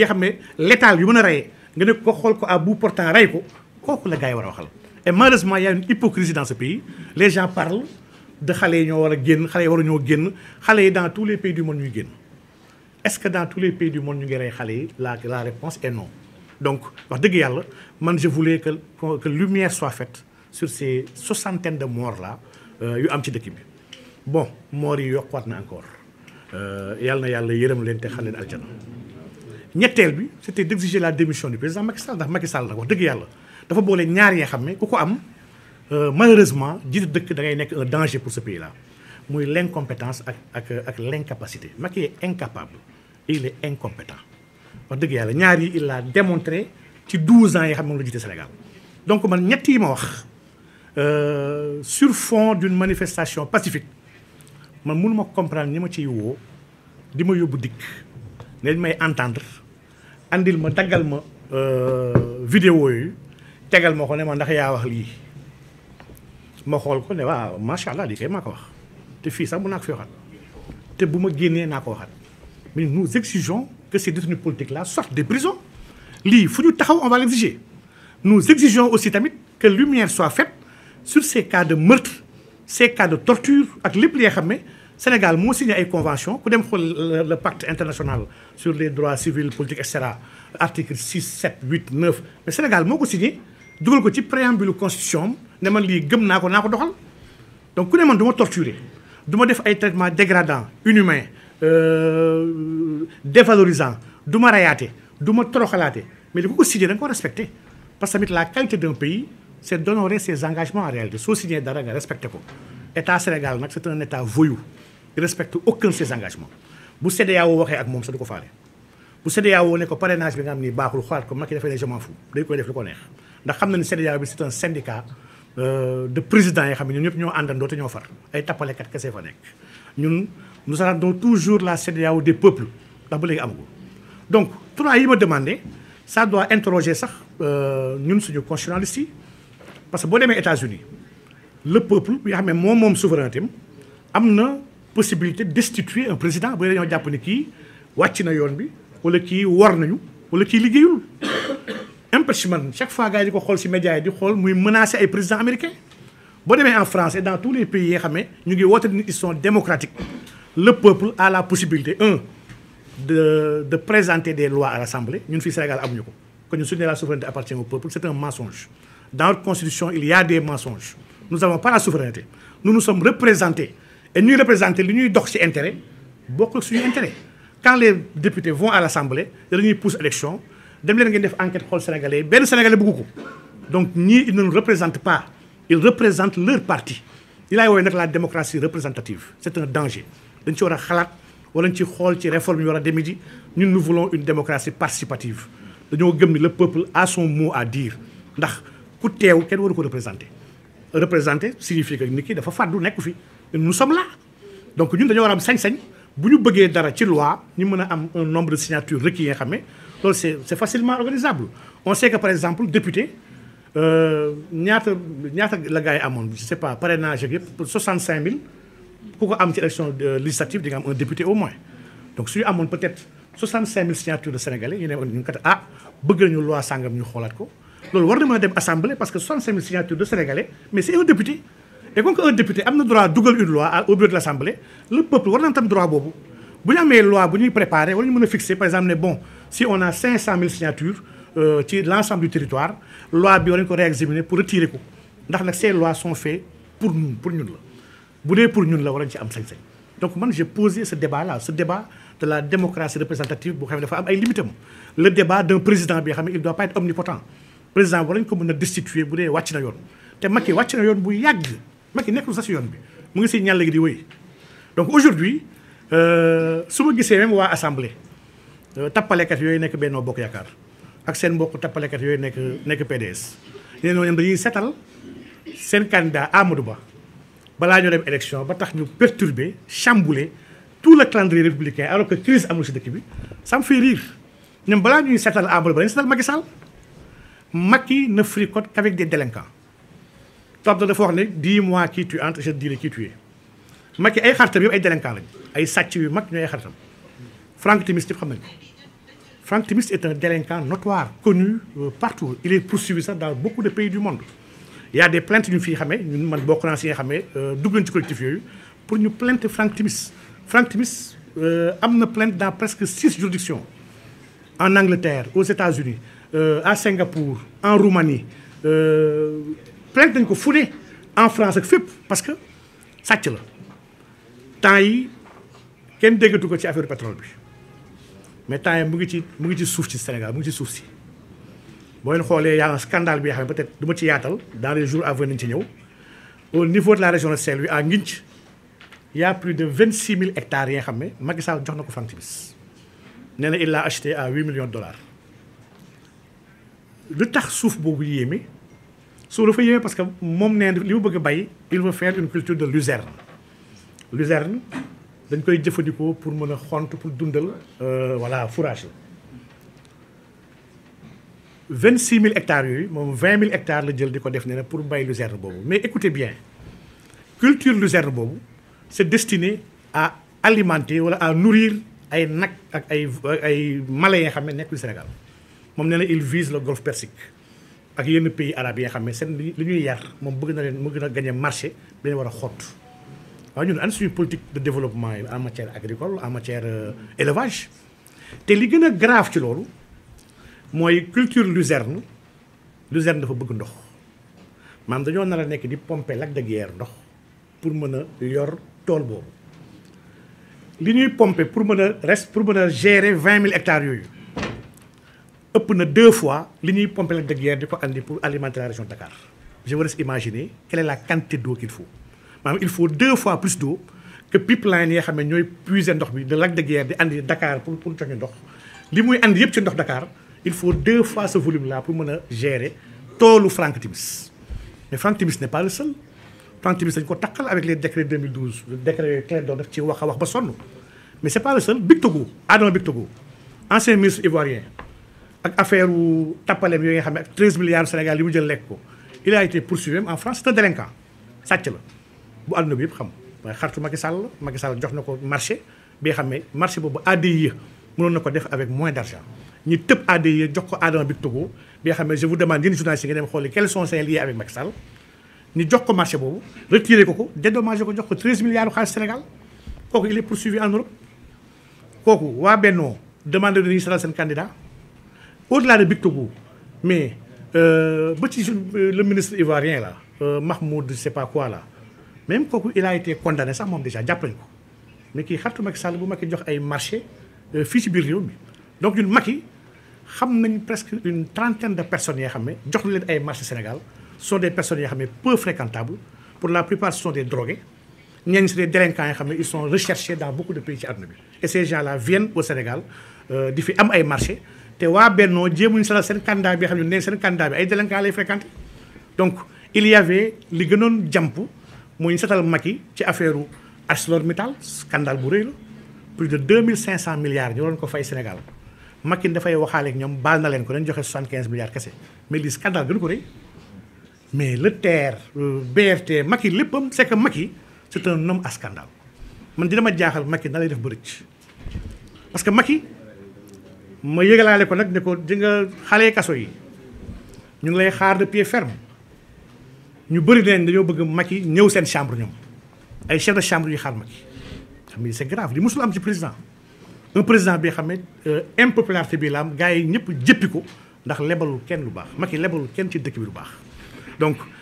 yi xam ne létal yu mën a reyee nga ne ko xool ko à bout portant rey ko kooku la gars war a waxal et malheureusement il a une hypocrisie dans ce pays les gens parlent de xale yi ñoo war a génn xale yi war a ñoo génn xale yi dans tous les pays du monde ñuy génn ce que dans tous les pays du monde ñu ngi rey xale yi la la réponse est non donc wax dëgg yàlla man je voulais que que lumière soit faite sur ces soixantaines de morts la euh, yu am ci dëkk bi bon morts yi yokkuwaat na encore euh, yàlla na yàlla yërëm leen te xale leen aljana ñetteel bi c'était d'exiger la démission du président Macky Sall ndax Macky Sall nag wax dëgg yàlla dafa boole ñaar yi nga xam ne ku ko am euh, malheureusement jiite dëkk dangay nekk un danger pour ce pays là muy l'incompétence ak ak ak l'incapacité Macky est incapable et il est incompétent wax dëgg yàlla ñaar yi il l'a démontré ci 12 ans yi xam ne moom la jiite donc man ñett yi ma wax euh, sur fond d'une manifestation pacifique man mënuma comprendre ñi ma ciy woo di ma yóbbu dikk ne may entendre andil ma daggal ma euh, vidéo yi tegal ma ko ne ma ndax yaa wax lii ma xool ko ne waaw macha allah lii kay maa ko wax te fii sax mun naa ko fi waxaat te bu ma génnee naa ko waxaat mais nous exigeons que ces détenus politiques là sortent des prisons lii fu ñu taxaw on va l'exiger nous exigeons aussi tamit que lumière soit faite su ces cas de meurtre ces cas de torture ak lépp li nga Sénégal moo signé ay convention ku dem xool le pacte international sur les droits civils politiques et cetera article 6 7 8 9 Sénégal moo ko signé dugal ko ci préambule constitution ne man lii gëm naa ko naa ko doxal donc ku ne man du ma torturer du ma def ay traitement dégradant inhumain euh, dévalorisant du ma rayaate du ma toroxalaate mais li ko ko signé respecté parce que tamit la qualité d'un pays c'est d'honorer ses engagements en réalité soo signé dara respecté ko état Sénégal nag c'est un état voyou il respecte aucun ses engagements bu CEDEAO waxee ak moom sax du ko faale bu CEDEAO ne ko parrainage bi nga xam ni baaxul xoolaat ko Macky dafay ne je m'en fous koy def lu ko neex ndax xam na ni CEDEAO bi c'est un syndicat euh, de président yi xam ne ñun ñëpp ñoo àndandoo te ñoo far ay tappalekat kese fa nekk ñun nous attendons toujours la CEDEAO des peuples ndax ba léegi amagul donc trois yi ma demandé ça doit interroger sax euh, ñun suñu constitutionnaliste yi parce que boo demee États-Unis le peuple bi xam ne moom moom souveraineté am na possibilité destituer un président bu dañoo jàpp ne kii wàcc na yoon bi wala kii war nañu wala kii liggéeyul impeachment chaque fois gars yi di ko xool si média yi di xool muy menacer ay présidents américains boo demee en France et dans tous les pays yi nga xamee ñu ngi woote ni ils sont démocratiques le peuple a la possibilité un de de présenter des lois a l'Assemblée ñun fii Sénégal amuñu ko que ñun suñu ne la souveraineté appartient au peuple c'est a des mensonges nous n'avons pas la souveraineté nous et ñuy représenter li ñuy dox ci intérêt bokkul suñu intérêt quand les députés von à l'assemblée dañuy pousse élection dem leen ngeen def enquête xool sénégalais benn sénégalais bëggu ko donc ñii ils ne nous représente pas ils représentent leur parti li laay woowee nag la démocratie représentative c'est un danger dañ ci war a xalaat wala ñu ci xool ci réforme yi war a demee ji ñun nous voulons une démocratie participative dañoo gëm ni le peuple a son mot à dire ndax ku teew kenn waru ko représenter représenter signifie que nit ki dafa fàddu nekk fi nous sommes là donc ñun dañoo war am sañ-sañ bu ñu bëggee dara ci loi ñu mën a am un nombre de signatures requis yi nga xam ne loolu c'est c'est facilement organisable on sait que par exemple député euh, ñaata ñaata la gars amoon je sais pas parrainage ak yëpp 65000 ku ko am ci élection euh, législative di am un député au moins donc suñu amoon peut-être 65000 signatures de sénégalais ñu ne ñu kat ah bëgg nañu loi sàngam ñu xoolaat ko loolu war na mën a dem assemblée parce que 65000 signatures de sénégalais mais c'est un et comme que un député am na droit dugal une loi au bureau de l'Assemblée le peuple war na tam droit boobu bu ñu amee loi bu ñuy ñu mën a fixer par exemple euh, bi war nañu ko réexaminer pour retirer ko ndax nag see lois sont faites pour ñun pour ñun la bu dee pour ñun la war nañu ci am sañ-sañ donc man j'ai posé ce débat là ce débat de la démocratie représentative boo xam ne dafa am ay limitam le débat d'un président bi xam ne il doit pas être omnipotent président war nañu ko mën bu dee wàcc na yoon te Macky wàcc na bu yàgg nekk nekkul sa si yoon bi mu ngi si ñàll gi di wéy donc aujourd'hui euh, su ma gisee même waa assemblée euh, tappalekat yooyu nekk Benno Bokk Yaakaar ak seen mbokk tappalekat yooyu nekk nekk PDS nee noonu dañuy setal seen candidat Amadou Ba balaa ñoo dem élection ba tax ñu perturber chambouler tout le calendrier républicain alors que crise amul si dëkk bi ça me fait rire ñoom balaa ñuy setal Amadou Ba dañuy setal Macky Sall Macky ne fricote qu'avec des délinquants tubaab dafa wax ne dix mois kii tu entre je te dirai qui tu es Macky ay xaritam yëpp ay délinquant lañ ay sàcc yu mag ñooy ay xaritam Franck Timis ñëpp xam nañ ko Franck Timis est un délinquant notoire connu euh, partout il est poursuivi sax dans beaucoup de pays du monde il y a des plaintes ñu fii xamee ñun man bokk naa si nga xamee euh, dugg nañ ci collectif yooyu pour ñu plainte Franck Timis Franck Timis euh, am na plainte dans presque six juridictions en Angleterre aux États-Unis à Singapour en Roumanie plainte dañ ko fu ne en France ak fépp parce que sàcc la temps yi kenn déggatu ko ci affaire pétrole bi mais temps yi mu ngi ci mu ngi ci suuf ci Sénégal mu ngi ci suuf si boo leen xoolee yaa scandale bi nga xam ne peut-être ci yaatal dans les jours à ci ñëw au niveau de la région de Saint-Louis à Nginth y a plus de vingt six mille hectares yi nga xam ne Macky Sall jox na ko Franck Timis nee na il l'a acheté à huit millions de dollars lu tax suuf boobu yéeme su dafa yéeme parce que moom nee li mu bëgg a bay il veut faire une culture de luzerne luzerne dañ koy jëfandikoo pour mën a xont pour dundal euh, voilà fourrage la vingt six mille hectares yooyu moom vingt mille hectares la jël di ko def nee na pour bay luzerne boobu mais écoutez bien culture luzerne boobu c'est destiné à alimenter wala à nourrir ay nag ak ay ay mala yi nga xam ne nekkul Sénégal moom nee na il vise le golfe Persique ak yenn pays arabes yi nga xam ne seen li ñuy yar moom bëgg na leen mu gën a gagné marché bi war a xot waaye ñun an suñu politique de développement yi en matière agricole en matière euh, élevage te li gën a grave ci loolu mooy culture luzerne luzerne dafa bëgg ndox maanaam dañoo nar a nekk di pompe lac de Guiers ndox pour mën a yor tool boobu li ñuy pomper pour mën a reste pour mën a gérer vingt mille hectares yooyu ëpp na deux fois li ñuy pomper de guerre di ko andi pour alimenter la région de Dakar je vous laisse imaginer quelle est la quantité d'eau qu'il faut maanaam il faut deux fois plus d'eau que pipeline yi nga xam ne ñooy puiser ndox bi de lac de Guiers di andi Dakar pour pour joxe ndox li muy andi yëpp ci ndox Dakar il faut deux fois ce volume là pour mën a gérer toolu Franck Timis mais Franck Timis ne pa le seul Franck Timis dañu ko takkal avec les décrets 2012 le décret Clédor daf ci wax a wax ba sonn mais c'est pas le seul Bictogo Adama Bictogo ancien ministre ivoirien ak affaire u tappaleem yooyu nga xam ne ak 13 milliards Sénégal yi mu jël lekk ko il a été poursuivi en France c'est un sàcc la bu àdduna bi yëpp xam waaye xaritu Macky Sall la Macky jox na ko marché bi nga xam ne marché boobu ADIE mënoon na ko def avec moins d'argent ñi tëb ADIE jox ko Adama Bictogo bi nga xam ne je demande yéen journalistes dem xooli quels sont ses liens avec Macky Sall jox ko marché boobu retiré ko ko dédommagé ko jox ko 13 milliards xaalis Sénégal kooku il est poursuivi en Europe kooku waa Benno demande nañu sala seen au-delà de Bictobou mais euh, ba ci le ministre ivoirien là euh, Mahmoud je sais pas quoi là même kooku il a été condamné sax moom déjà jàpp ko mais kii xaritu Macky Sall bu Macky jox ay marché euh, fii ci biir réew mi donc ñun Macky xam nañ presque une trentaine de personnes yoo xam ne jox na leen ay marché Sénégal ce sont des personnes yoo xam ne peu fréquentables pour la plupart ce sont des drogués ñenn ñi c'est des délinquants yoo xam ne ils sont recherchés dans b de pays ci àdduna bi et ces gens là au Sénégal di fi am ay marché te waa Bennoo jéemuñu sala seen candidat bi xam ne ne seen candidat bi ay délinquants lay fréquenté donc il y li gënoon jàmp muy ñu setal Macky ci affaire ArcelorMittal scandale bu rëy la plus de deux mille cinq cent milliards ñu waroon ko fay Sénégal Macky dafay waxaale ak ñoom baal na leen ko dañ joxe soixante quinze milliards kese mais li scandale gënu ko rëy mais le TER BRT Macky léppam c'est que Macky c'est un homme à scandale man dina ma jaaxal Macky na lay def ba rëcc ma yëgalaale ko nag ne ko jënga nga xale kaso yi ñu ngi lay xaar de pied ferme ñu bëri neen dañoo bëgg Macky ñëw seen chambre ñoom ay chef de chambre yu xaar Macky xam nga c'est grave li musul am ci président un président bi xam ne euh, impopularité bi la am gars yi ñëpp jëppi ko ndax lebalul kenn lu baax Macky lebalul kenn ci dëkk bi lu baax